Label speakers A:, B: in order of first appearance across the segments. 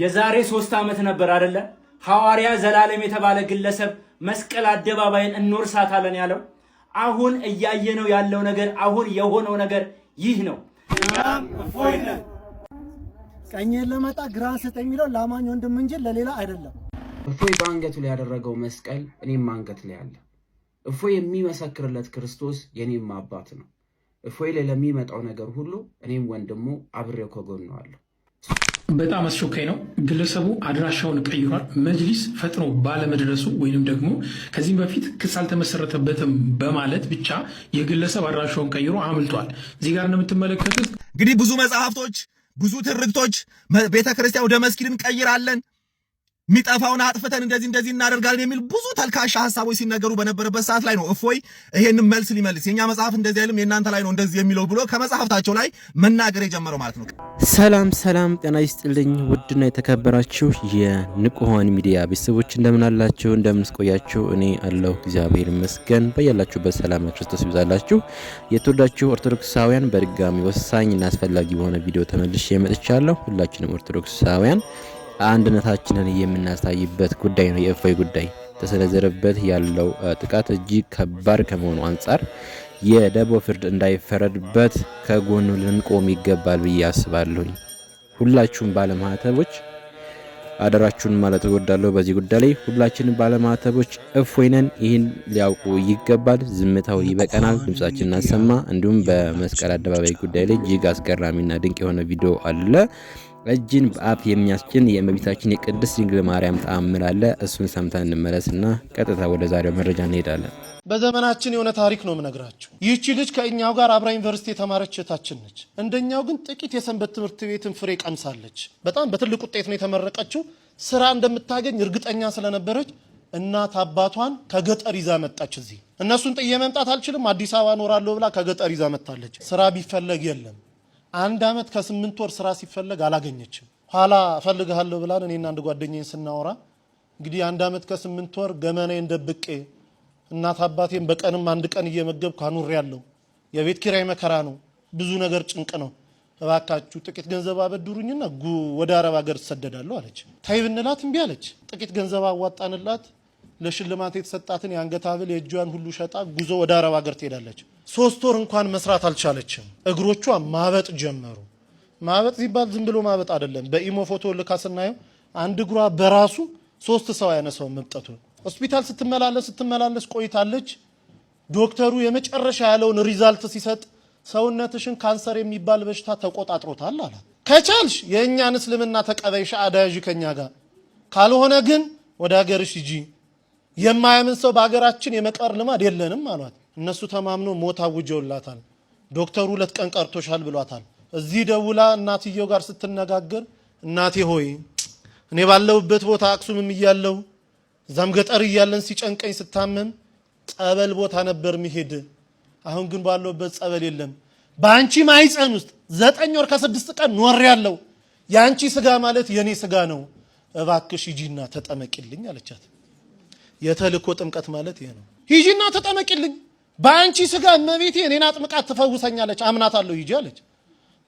A: የዛሬ ሶስት ዓመት ነበር አደለ? ሐዋርያ ዘላለም የተባለ ግለሰብ መስቀል አደባባይን እንወርሳታለን ያለው። አሁን እያየነው ያለው ነገር አሁን የሆነው ነገር ይህ ነው።
B: ቀኝ ለመጣ ግራን ስጥ የሚለው ለአማኝ ወንድም እንጂ ለሌላ አይደለም።
A: እፎይ በአንገቱ ላይ ያደረገው መስቀል እኔም አንገት ላይ አለ። እፎይ የሚመሰክርለት ክርስቶስ የኔም አባት ነው። እፎይ ላይ ለሚመጣው ነገር ሁሉ እኔም ወንድሙ አብሬው ከጎነዋለሁ።
C: በጣም አስቸኳይ ነው። ግለሰቡ አድራሻውን ቀይሯል። መጅሊስ ፈጥኖ ባለመድረሱ ወይንም ደግሞ ከዚህም በፊት ክስ አልተመሰረተበትም በማለት ብቻ የግለሰብ አድራሻውን ቀይሮ አምልቷል። እዚህ ጋር እንደምትመለከቱት
A: እንግዲህ ብዙ መጽሐፍቶች፣ ብዙ ትርክቶች ቤተክርስቲያን ወደ መስጊድን ቀይራለን የሚጠፋውን አጥፍተን እንደዚህ እንደዚህ እናደርጋለን የሚል ብዙ ተልካሻ ሀሳቦች ሲነገሩ በነበረበት ሰዓት ላይ ነው እፎይ ይሄንን መልስ ሊመልስ የኛ መጽሐፍ እንደዚህ አይልም የእናንተ ላይ ነው እንደዚህ የሚለው ብሎ ከመጽሐፍታቸው ላይ መናገር የጀመረው ማለት ነው።
D: ሰላም ሰላም፣ ጤና ይስጥልኝ ውድና የተከበራችሁ የንቁሆን ሚዲያ ቤተሰቦች እንደምናላችሁ፣ እንደምንስቆያችሁ፣ እኔ አለሁ እግዚአብሔር ይመስገን። በያላችሁበት ሰላም ክርስቶስ ይብዛላችሁ። የተወዳችሁ ኦርቶዶክሳውያን በድጋሚ ወሳኝና አስፈላጊ በሆነ ቪዲዮ ተመልሼ መጥቻለሁ። ሁላችንም ኦርቶዶክሳውያን አንድነታችንን የምናሳይበት ጉዳይ ነው። የእፎይ ጉዳይ ተሰነዘረበት ያለው ጥቃት እጅግ ከባድ ከመሆኑ አንጻር የደቦ ፍርድ እንዳይፈረድበት ከጎኑ ልንቆም ይገባል ብዬ አስባለሁኝ። ሁላችሁም ባለማህተቦች አደራችሁን ማለት እወዳለሁ። በዚህ ጉዳይ ላይ ሁላችንም ባለማህተቦች እፎይ ነን። ይህን ሊያውቁ ይገባል። ዝምታው ይበቀናል። ድምጻችን እናሰማ። እንዲሁም በመስቀል አደባባይ ጉዳይ ላይ እጅግ አስገራሚና ድንቅ የሆነ ቪዲዮ አለ። እጅን በአፍ የሚያስጭን የእመቤታችን የቅድስት ድንግል ማርያም ተአምር አለ። እሱን ሰምተን እንመለስና ቀጥታ ወደ ዛሬው መረጃ እንሄዳለን።
A: በዘመናችን የሆነ ታሪክ ነው የምነግራችሁ። ይህቺ ልጅ ከእኛው ጋር አብራ ዩኒቨርሲቲ የተማረች እህታችን ነች። እንደኛው ግን ጥቂት የሰንበት ትምህርት ቤትን ፍሬ ቀምሳለች። በጣም በትልቅ ውጤት ነው የተመረቀችው። ስራ እንደምታገኝ እርግጠኛ ስለነበረች እናት አባቷን ከገጠር ይዛ መጣች። እዚህ እነሱን ጥዬ መምጣት አልችልም፣ አዲስ አበባ እኖራለሁ ብላ ከገጠር ይዛ መጣለች። ስራ ቢፈለግ የለም አንድ አመት ከስምንት ወር ስራ ሲፈለግ አላገኘችም። ኋላ እፈልግሃለሁ ብላን እኔና አንድ ጓደኛዬን ስናወራ እንግዲህ አንድ አመት ከስምንት ወር ገመናዬን ደብቄ እናት አባቴን በቀንም አንድ ቀን እየመገብኩ አኑሬ ያለው የቤት ኪራይ መከራ ነው፣ ብዙ ነገር ጭንቅ ነው። እባካችሁ ጥቂት ገንዘብ አበድሩኝና ወደ አረብ ሀገር ትሰደዳለሁ አለች። ታይ ብንላት እምቢ አለች። ጥቂት ገንዘብ አዋጣንላት። ለሽልማት የተሰጣትን የአንገት ሀብል የእጇን ሁሉ ሸጣ ጉዞ ወደ አረብ ሀገር ትሄዳለች። ሶስት ወር እንኳን መስራት አልቻለችም። እግሮቿ ማበጥ ጀመሩ። ማበጥ ሲባል ዝም ብሎ ማበጥ አይደለም። በኢሞ ፎቶ ልካ ስናየው አንድ እግሯ በራሱ ሶስት ሰው ያነሳው መብጠቱ። ሆስፒታል ስትመላለስ ስትመላለስ ቆይታለች። ዶክተሩ የመጨረሻ ያለውን ሪዛልት ሲሰጥ ሰውነትሽን ካንሰር የሚባል በሽታ ተቆጣጥሮታል አላት። ከቻልሽ የእኛን እስልምና ተቀበይሽ አዳያዥ ከኛ ጋር ካልሆነ ግን ወደ ሀገርሽ ሂጂ የማያምን ሰው በሀገራችን የመቃር ልማድ የለንም አሏት። እነሱ ተማምኖ ሞት አውጀውላታል። ዶክተሩ ሁለት ቀን ቀርቶሻል ብሏታል። እዚህ ደውላ እናትየው ጋር ስትነጋገር እናቴ ሆይ እኔ ባለሁበት ቦታ አክሱምም እያለው እዛም ገጠር እያለን ሲጨንቀኝ ስታመም ጸበል ቦታ ነበር ሚሄድ። አሁን ግን ባለሁበት ጸበል የለም። በአንቺ ማይፀን ውስጥ ዘጠኝ ወር ከስድስት ቀን ኖር ያለው የአንቺ ስጋ ማለት የእኔ ስጋ ነው። እባክሽ ሂጂና ተጠመቂልኝ አለቻት። የተልእኮ ጥምቀት ማለት ይሄ ነው። ሂጂና ተጠመቂልኝ፣ በአንቺ ስጋ እመቤቴ እኔን አጥምቃት ትፈውሰኛለች፣ አምናታለሁ፣ ሂጂ አለች።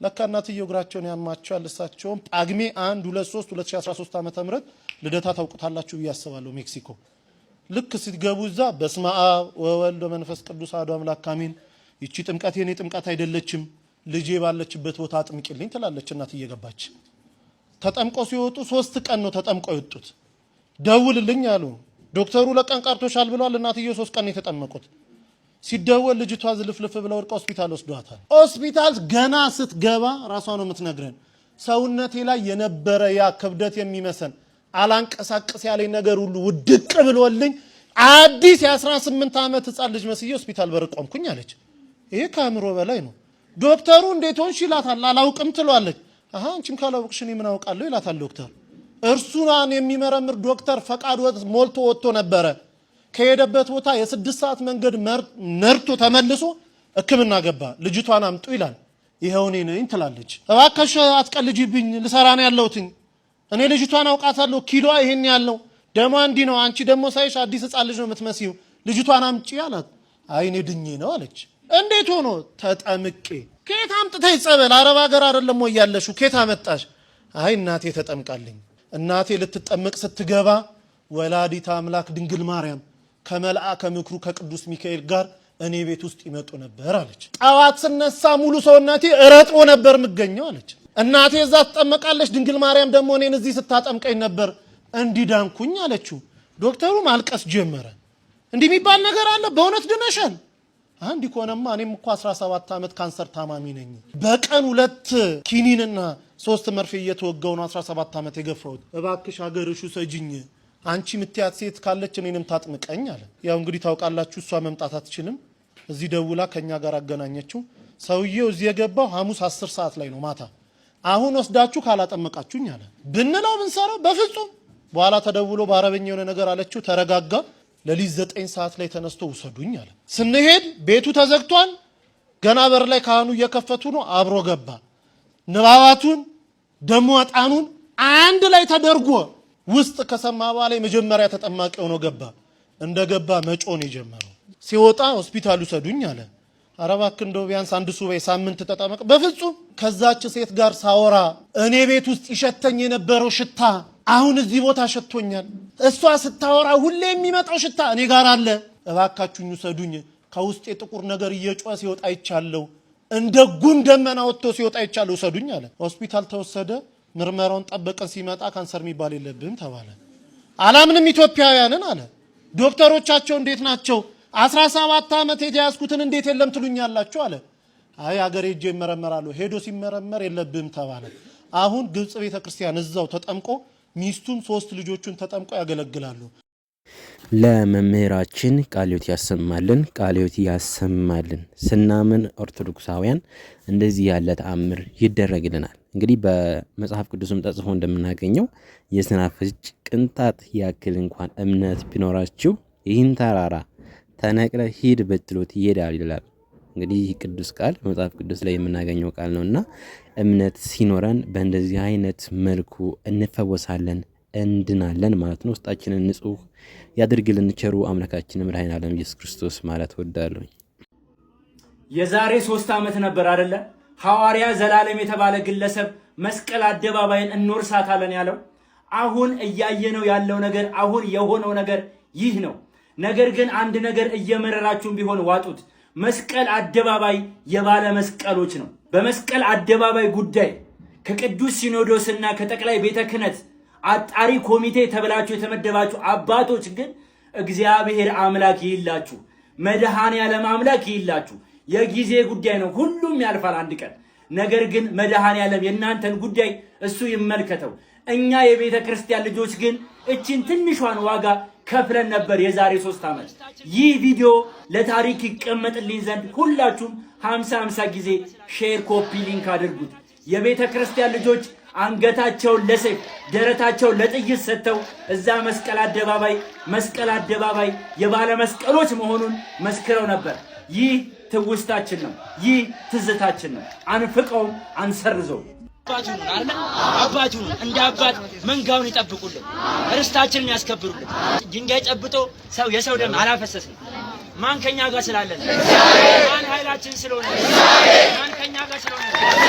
A: ለካ እናትየው እግራቸውን ያማቸዋል። እሳቸውም ጳግሜ 1 2 3 2013 ዓ ም ልደታ ታውቁታላችሁ ብዬ አስባለሁ። ሜክሲኮ ልክ ሲገቡ እዛ በስመ አብ ወወልድ ወመንፈስ ቅዱስ አሐዱ አምላክ አሜን፣ ይቺ ጥምቀት የኔ ጥምቀት አይደለችም፣ ልጄ ባለችበት ቦታ አጥምቂልኝ ትላለች እናት ገባች ተጠምቀው ሲወጡ ሶስት ቀን ነው ተጠምቀው የወጡት። ደውልልኝ አሉ ዶክተሩ ለቀን ቀርቶሻል ብሏል። እናትየው ሶስት ቀን የተጠመቁት ሲደወል ልጅቷ ዝልፍልፍ ብለ ወድቀ ሆስፒታል ወስዷታል። ሆስፒታል ገና ስትገባ ራሷ ነው የምትነግረን። ሰውነቴ ላይ የነበረ ያ ክብደት የሚመሰን አላንቀሳቅስ ያለኝ ነገር ሁሉ ውድቅ ብሎልኝ አዲስ የ18 ዓመት ህፃን ልጅ መስዬ ሆስፒታል በር ቆምኩኝ አለች። ይሄ ከአእምሮ በላይ ነው። ዶክተሩ እንዴት ሆንሽ ይላታል። አላውቅም ትሏለች። አሀ አንቺም ካላወቅሽ እኔ ምን አውቃለሁ ይላታል ዶክተር እርሱናን የሚመረምር ዶክተር ፈቃድ ሞልቶ ወጥቶ ነበረ። ከሄደበት ቦታ የስድስት ሰዓት መንገድ መርቶ ተመልሶ ሕክምና ገባ። ልጅቷን አምጡ ይላል። ይኸው እኔ ነኝ ትላለች። እባከሽ አትቀልጂብኝ፣ ልሰራ ነው ያለሁትኝ። እኔ ልጅቷን አውቃታለሁ። ኪሎ ይሄን ያለው ደሞ እንዲህ ነው። አንቺ ደግሞ ሳይሽ አዲስ ህፃን ልጅ ነው የምትመስዩ። ልጅቷን አምጪ አላት። አይኔ እኔ ድኜ ነው አለች። እንዴት ሆኖ? ተጠምቄ። ከየት አምጥተሽ ጸበል? አረብ ሀገር አይደለም ወይ ያለሽው? ከየት አመጣሽ? አይ እናቴ ተጠምቃልኝ እናቴ ልትጠመቅ ስትገባ ወላዲት አምላክ ድንግል ማርያም ከመልአ ከምክሩ ከቅዱስ ሚካኤል ጋር እኔ ቤት ውስጥ ይመጡ ነበር አለች። ጠዋት ስነሳ ሙሉ ሰውነቴ ረጥቦ ነበር የምገኘው አለች። እናቴ እዛ ትጠመቃለች፣ ድንግል ማርያም ደግሞ እኔን እዚህ ስታጠምቀኝ ነበር እንዲዳንኩኝ አለችው። ዶክተሩ ማልቀስ ጀመረ። እንዲህ የሚባል ነገር አለ? በእውነት ድነሻል አንድ ከሆነማ እኔም እኮ 17 ዓመት ካንሰር ታማሚ ነኝ። በቀን ሁለት ኪኒንና ሶስት መርፌ እየተወጋው ነው 17 ዓመት የገፋሁት። እባክሽ ሀገርሽ ውሰጂኝ አንቺ ምትያት ሴት ካለች እኔንም ታጥምቀኝ አለ። ያው እንግዲህ ታውቃላችሁ፣ እሷ መምጣት አትችልም። እዚህ ደውላ ከኛ ጋር አገናኘችው። ሰውዬው እዚህ የገባው ሐሙስ 10 ሰዓት ላይ ነው ማታ። አሁን ወስዳችሁ ካላጠመቃችሁኝ አለ። ብንለው ብንሰራው በፍጹም በኋላ ተደውሎ በአረበኛ የሆነ ነገር አለችው። ተረጋጋ ለሊት ዘጠኝ ሰዓት ላይ ተነስቶ ውሰዱኝ አለ። ስንሄድ ቤቱ ተዘግቷል። ገና በር ላይ ካህኑ እየከፈቱ ነው። አብሮ ገባ። ንባባቱን ደሞ ዕጣኑን አንድ ላይ ተደርጎ ውስጥ ከሰማ በኋላ የመጀመሪያ ተጠማቂ ሆኖ ገባ። እንደ ገባ መጮን የጀመረው ሲወጣ ሆስፒታል ውሰዱኝ አለ። ኧረ እባክህ እንደው ቢያንስ አንድ ሱባኤ ሳምንት ተጠመቅ። በፍጹም ከዛች ሴት ጋር ሳወራ እኔ ቤት ውስጥ ይሸተኝ የነበረው ሽታ አሁን እዚህ ቦታ ሸቶኛል። እሷ ስታወራ ሁሌ የሚመጣው ሽታ እኔ ጋር አለ። እባካችሁኝ ውሰዱኝ። ከውስጥ የጥቁር ነገር እየጮኸ ሲወጣ ይቻለው፣ እንደ ጉም ደመና ወጥቶ ሲወጣ ይቻለው፣ ውሰዱኝ አለ። ሆስፒታል ተወሰደ። ምርመራውን ጠበቀን። ሲመጣ ካንሰር የሚባል የለብህም ተባለ። አላምንም ኢትዮጵያውያንን አለ። ዶክተሮቻቸው እንዴት ናቸው? ሰባት ዓመት የተያዝኩትን እንዴት የለም ትሉኛላችሁ አለ። አይ አገሬ ሄጄ ይመረመራሉ። ሄዶ ሲመረመር የለብህም ተባለ። አሁን ግብፅ ቤተክርስቲያን እዛው ተጠምቆ ሚስቱም ሶስት ልጆቹን ተጠምቀው ያገለግላሉ።
D: ለመምህራችን ቃልዮት ያሰማልን፣ ቃልዮት ያሰማልን። ስናምን ኦርቶዶክሳውያን እንደዚህ ያለ ተአምር ይደረግልናል። እንግዲህ በመጽሐፍ ቅዱስም ተጽፎ እንደምናገኘው የስናፍጭ ቅንጣት ያክል እንኳን እምነት ቢኖራችሁ ይህን ተራራ ተነቅለ ሂድ ብትሉት ይሄዳል ይላል። እንግዲህ ቅዱስ ቃል በመጽሐፍ ቅዱስ ላይ የምናገኘው ቃል ነው እና እምነት ሲኖረን በእንደዚህ አይነት መልኩ እንፈወሳለን፣ እንድናለን ማለት ነው። ውስጣችንን ንጹህ ያድርግልን ቸሩ አምላካችን መድኃኔ ዓለም ኢየሱስ ክርስቶስ ማለት ወዳለኝ።
A: የዛሬ ሶስት ዓመት ነበር አደለ ሐዋርያ ዘላለም የተባለ ግለሰብ መስቀል አደባባይን እንወርሳታለን ያለው። አሁን እያየነው ያለው ነገር አሁን የሆነው ነገር ይህ ነው። ነገር ግን አንድ ነገር እየመረራችሁም ቢሆን ዋጡት። መስቀል አደባባይ የባለ መስቀሎች ነው። በመስቀል አደባባይ ጉዳይ ከቅዱስ ሲኖዶስና ከጠቅላይ ቤተ ክህነት አጣሪ ኮሚቴ ተብላችሁ የተመደባችሁ አባቶች ግን እግዚአብሔር አምላክ ይላችሁ፣ መድኃኔ አምላክ ይላችሁ። የጊዜ ጉዳይ ነው። ሁሉም ያልፋል አንድ ቀን። ነገር ግን መድኃኔ የእናንተን ጉዳይ እሱ ይመልከተው። እኛ የቤተ ክርስቲያን ልጆች ግን እችን ትንሿን ዋጋ ከፍለን ነበር የዛሬ ሶስት ዓመት። ይህ ቪዲዮ ለታሪክ ይቀመጥልኝ ዘንድ ሁላችሁም ሀምሳ 50 ጊዜ ሼር፣ ኮፒ ሊንክ አድርጉት። የቤተ ክርስቲያን ልጆች አንገታቸውን ለሰይፍ ደረታቸውን ለጥይት ሰጥተው እዛ መስቀል አደባባይ መስቀል አደባባይ የባለ መስቀሎች መሆኑን መስክረው ነበር። ይህ ትውስታችን ነው። ይህ ትዝታችን ነው። አንፍቀውም፣ አንሰርዘውም። አባቱ ሁኑን አይደል? አባት ሁኑን እንደ አባት መንጋውን ይጠብቁልን፣ ርስታችንን ያስከብሩልን። ድንጋይ ጨብጦ ሰው የሰው ደም አላፈሰስንም። ማን ከኛ ጋር ስላለን? ማን ኃይላችን ስለሆነ? ማን ከኛ ጋር ስለሆነ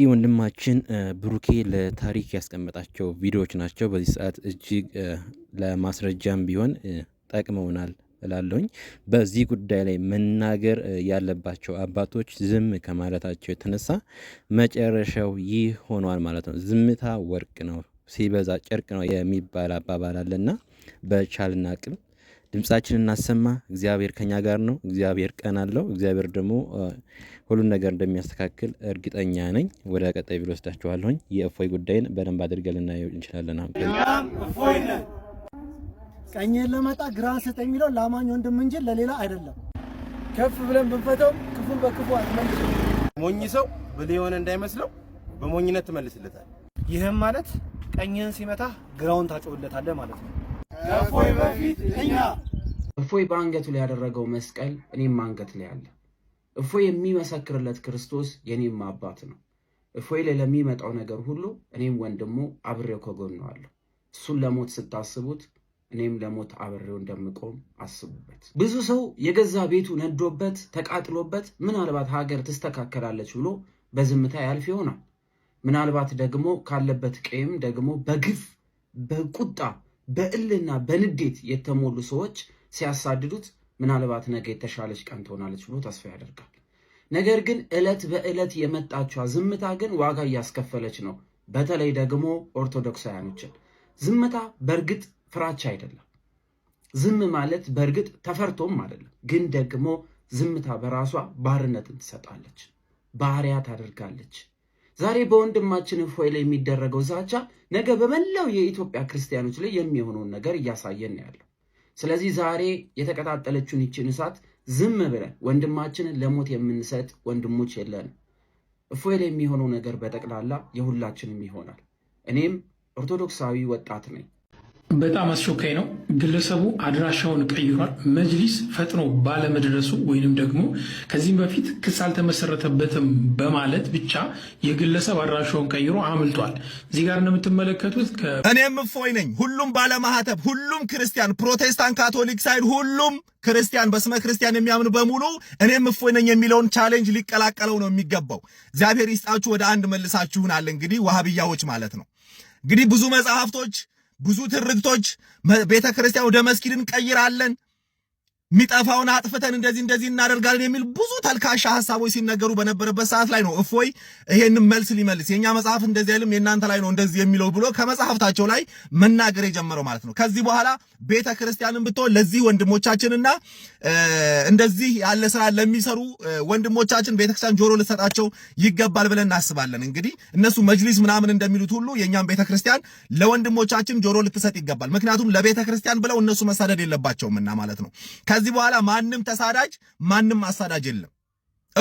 D: ይህ ወንድማችን ብሩኬ ለታሪክ ያስቀመጣቸው ቪዲዮዎች ናቸው። በዚህ ሰዓት እጅግ ለማስረጃም ቢሆን ጠቅመውናል እላለሁኝ። በዚህ ጉዳይ ላይ መናገር ያለባቸው አባቶች ዝም ከማለታቸው የተነሳ መጨረሻው ይህ ሆኗል ማለት ነው። ዝምታ ወርቅ ነው ሲበዛ ጨርቅ ነው የሚባል አባባል አለና በቻልና አቅም ድምጻችን እናሰማ። እግዚአብሔር ከኛ ጋር ነው። እግዚአብሔር ቀን አለው። እግዚአብሔር ደግሞ ሁሉን ነገር እንደሚያስተካክል እርግጠኛ ነኝ። ወደ ቀጣይ ቪዲዮ ወስዳችኋለሁኝ። የእፎይ ጉዳይን በደንብ አድርገን ልናየው እንችላለን።
B: ቀኝን ለመጣ ግራን ስጥ የሚለው ለአማኝ ወንድም እንጂ ለሌላ አይደለም።
A: ከፍ ብለን ብንፈተው ክፉን በክፉ አትመልስ። ሞኝ ሰው ብልህ የሆነ እንዳይመስለው በሞኝነት ትመልስለታል። ይህም ማለት ቀኝህን ሲመታ ግራውን ታጮለታለህ ማለት ነው።
E: በፊት እኛ።
A: እፎይ በአንገቱ ላይ ያደረገው መስቀል እኔም አንገት ላይ አለ። እፎይ የሚመሰክርለት ክርስቶስ የኔም አባት ነው። እፎይ ላይ ለሚመጣው ነገር ሁሉ እኔም ወንድሙ አብሬው ከጎነዋለሁ። እሱን ለሞት ስታስቡት እኔም ለሞት አብሬው እንደምቆም አስቡበት። ብዙ ሰው የገዛ ቤቱ ነዶበት ተቃጥሎበት ምናልባት ሀገር ትስተካከላለች ብሎ በዝምታ ያልፍ ይሆናል። ምናልባት ደግሞ ካለበት ቀይም ደግሞ በግፍ በቁጣ በእልና በንዴት የተሞሉ ሰዎች ሲያሳድዱት ምናልባት ነገ የተሻለች ቀን ትሆናለች ብሎ ተስፋ ያደርጋል። ነገር ግን ዕለት በዕለት የመጣችዋ ዝምታ ግን ዋጋ እያስከፈለች ነው። በተለይ ደግሞ ኦርቶዶክሳውያኖችን ዝምታ በእርግጥ ፍራቻ አይደለም። ዝም ማለት በእርግጥ ተፈርቶም አይደለም። ግን ደግሞ ዝምታ በራሷ ባርነትን ትሰጣለች፣ ባሪያ ታደርጋለች። ዛሬ በወንድማችን እፎይ ላይ የሚደረገው ዛቻ ነገ በመላው የኢትዮጵያ ክርስቲያኖች ላይ የሚሆነውን ነገር እያሳየን ያለው። ስለዚህ ዛሬ የተቀጣጠለችውን ይችን እሳት ዝም ብለን ወንድማችንን ለሞት የምንሰጥ ወንድሞች የለንም። እፎይ ላይ የሚሆነው ነገር በጠቅላላ የሁላችንም ይሆናል። እኔም ኦርቶዶክሳዊ ወጣት ነኝ።
C: በጣም አስቸኳይ ነው። ግለሰቡ አድራሻውን ቀይሯል። መጅሊስ ፈጥኖ ባለመድረሱ ወይንም ደግሞ ከዚህም በፊት ክስ አልተመሰረተበትም በማለት ብቻ የግለሰብ አድራሻውን ቀይሮ አምልጧል። እዚህ ጋር እንደምትመለከቱት
A: እኔም እፎይ ነኝ። ሁሉም ባለማህተብ፣ ሁሉም ክርስቲያን፣ ፕሮቴስታንት፣ ካቶሊክ ሳይድ፣ ሁሉም ክርስቲያን በስመ ክርስቲያን የሚያምን በሙሉ እኔም እፎይ ነኝ የሚለውን ቻሌንጅ ሊቀላቀለው ነው የሚገባው። እግዚአብሔር ይስጣችሁ። ወደ አንድ መልሳችሁናል። እንግዲህ ዋህብያዎች ማለት ነው እንግዲህ ብዙ መጽሐፍቶች ብዙ ትርክቶች ቤተ ክርስቲያን ወደ መስጊድ እንቀይራለን የሚጠፋውን አጥፍተን እንደዚህ እንደዚህ እናደርጋለን የሚል ብዙ ተልካሻ ሀሳቦች ሲነገሩ በነበረበት ሰዓት ላይ ነው እፎይ ይሄንን መልስ ሊመልስ የእኛ መጽሐፍ እንደዚህ አይልም የእናንተ ላይ ነው እንደዚህ የሚለው ብሎ ከመጽሐፍታቸው ላይ መናገር የጀመረው ማለት ነው። ከዚህ በኋላ ቤተ ክርስቲያንን ብትሆን ለዚህ ወንድሞቻችንና እንደዚህ ያለ ስራ ለሚሰሩ ወንድሞቻችን ቤተክርስቲያን ጆሮ ልሰጣቸው ይገባል ብለን እናስባለን። እንግዲህ እነሱ መጅሊስ ምናምን እንደሚሉት ሁሉ የእኛም ቤተክርስቲያን ለወንድሞቻችን ጆሮ ልትሰጥ ይገባል። ምክንያቱም ለቤተክርስቲያን ብለው እነሱ መሳደድ የለባቸውምና ማለት ነው። ከዚህ በኋላ ማንም ተሳዳጅ ማንም አሳዳጅ የለም።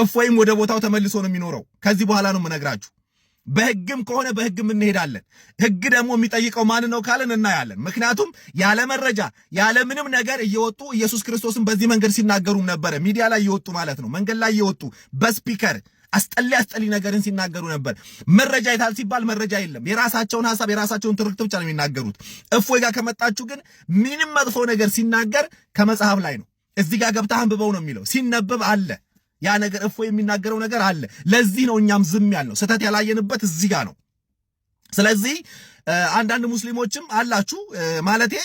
A: እፎይም ወደ ቦታው ተመልሶ ነው የሚኖረው። ከዚህ በኋላ ነው የምነግራችሁ። በህግም ከሆነ በህግም እንሄዳለን። ህግ ደግሞ የሚጠይቀው ማን ነው ካለን እናያለን። ምክንያቱም ያለ መረጃ ያለ ምንም ነገር እየወጡ ኢየሱስ ክርስቶስን በዚህ መንገድ ሲናገሩም ነበረ። ሚዲያ ላይ እየወጡ ማለት ነው፣ መንገድ ላይ እየወጡ በስፒከር አስጠሊ አስጠሊ ነገርን ሲናገሩ ነበር። መረጃ የታል ሲባል መረጃ የለም። የራሳቸውን ሀሳብ የራሳቸውን ትርክት ብቻ ነው የሚናገሩት። እፎይ ጋር ከመጣችሁ ግን ምንም መጥፎ ነገር ሲናገር ከመጽሐፍ ላይ ነው። እዚህ ጋር ገብተህ አንብበው ነው የሚለው። ሲነበብ አለ ያ ነገር እፎይ የሚናገረው ነገር አለ። ለዚህ ነው እኛም ዝም ያልነው። ስህተት ያላየንበት እዚህ ጋር ነው። ስለዚህ አንዳንድ ሙስሊሞችም አላችሁ ማለቴ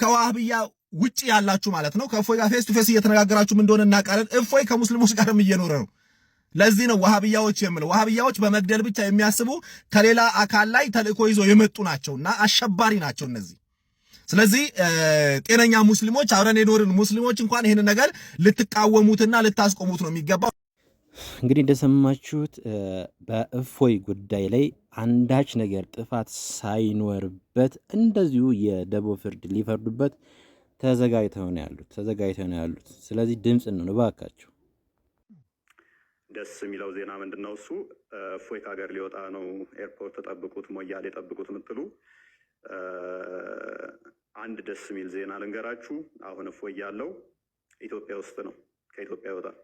A: ከዋህብያ ውጭ ያላችሁ ማለት ነው። ከእፎይ ጋር ፌስ ቱ ፌስ እየተነጋገራችሁም እንደሆነ እናውቃለን። እፎይ ከሙስሊሞች ጋርም እየኖረ ነው። ለዚህ ነው ዋሃብያዎች የምለው። ዋሃብያዎች በመግደል ብቻ የሚያስቡ ከሌላ አካል ላይ ተልእኮ ይዞ የመጡ ናቸውና አሸባሪ ናቸው እነዚህ። ስለዚህ ጤነኛ ሙስሊሞች፣ አብረን የኖርን ሙስሊሞች እንኳን ይህን ነገር ልትቃወሙትና ልታስቆሙት ነው የሚገባው።
D: እንግዲህ እንደሰማችሁት በእፎይ ጉዳይ ላይ አንዳች ነገር ጥፋት ሳይኖርበት እንደዚሁ የደቦ ፍርድ ሊፈርዱበት ተዘጋጅተው ነው ያሉት ተዘጋጅተው ነው ያሉት። ስለዚህ ድምፅ ነው እባካችሁ ደስ የሚለው ዜና ምንድን ነው? እሱ እፎይ ከሀገር ሊወጣ ነው፣ ኤርፖርት ጠብቁት፣ ሞያሌ ጠብቁት የምትሉ አንድ ደስ የሚል ዜና ልንገራችሁ። አሁን እፎይ ያለው ኢትዮጵያ ውስጥ ነው። ከኢትዮጵያ ይወጣል።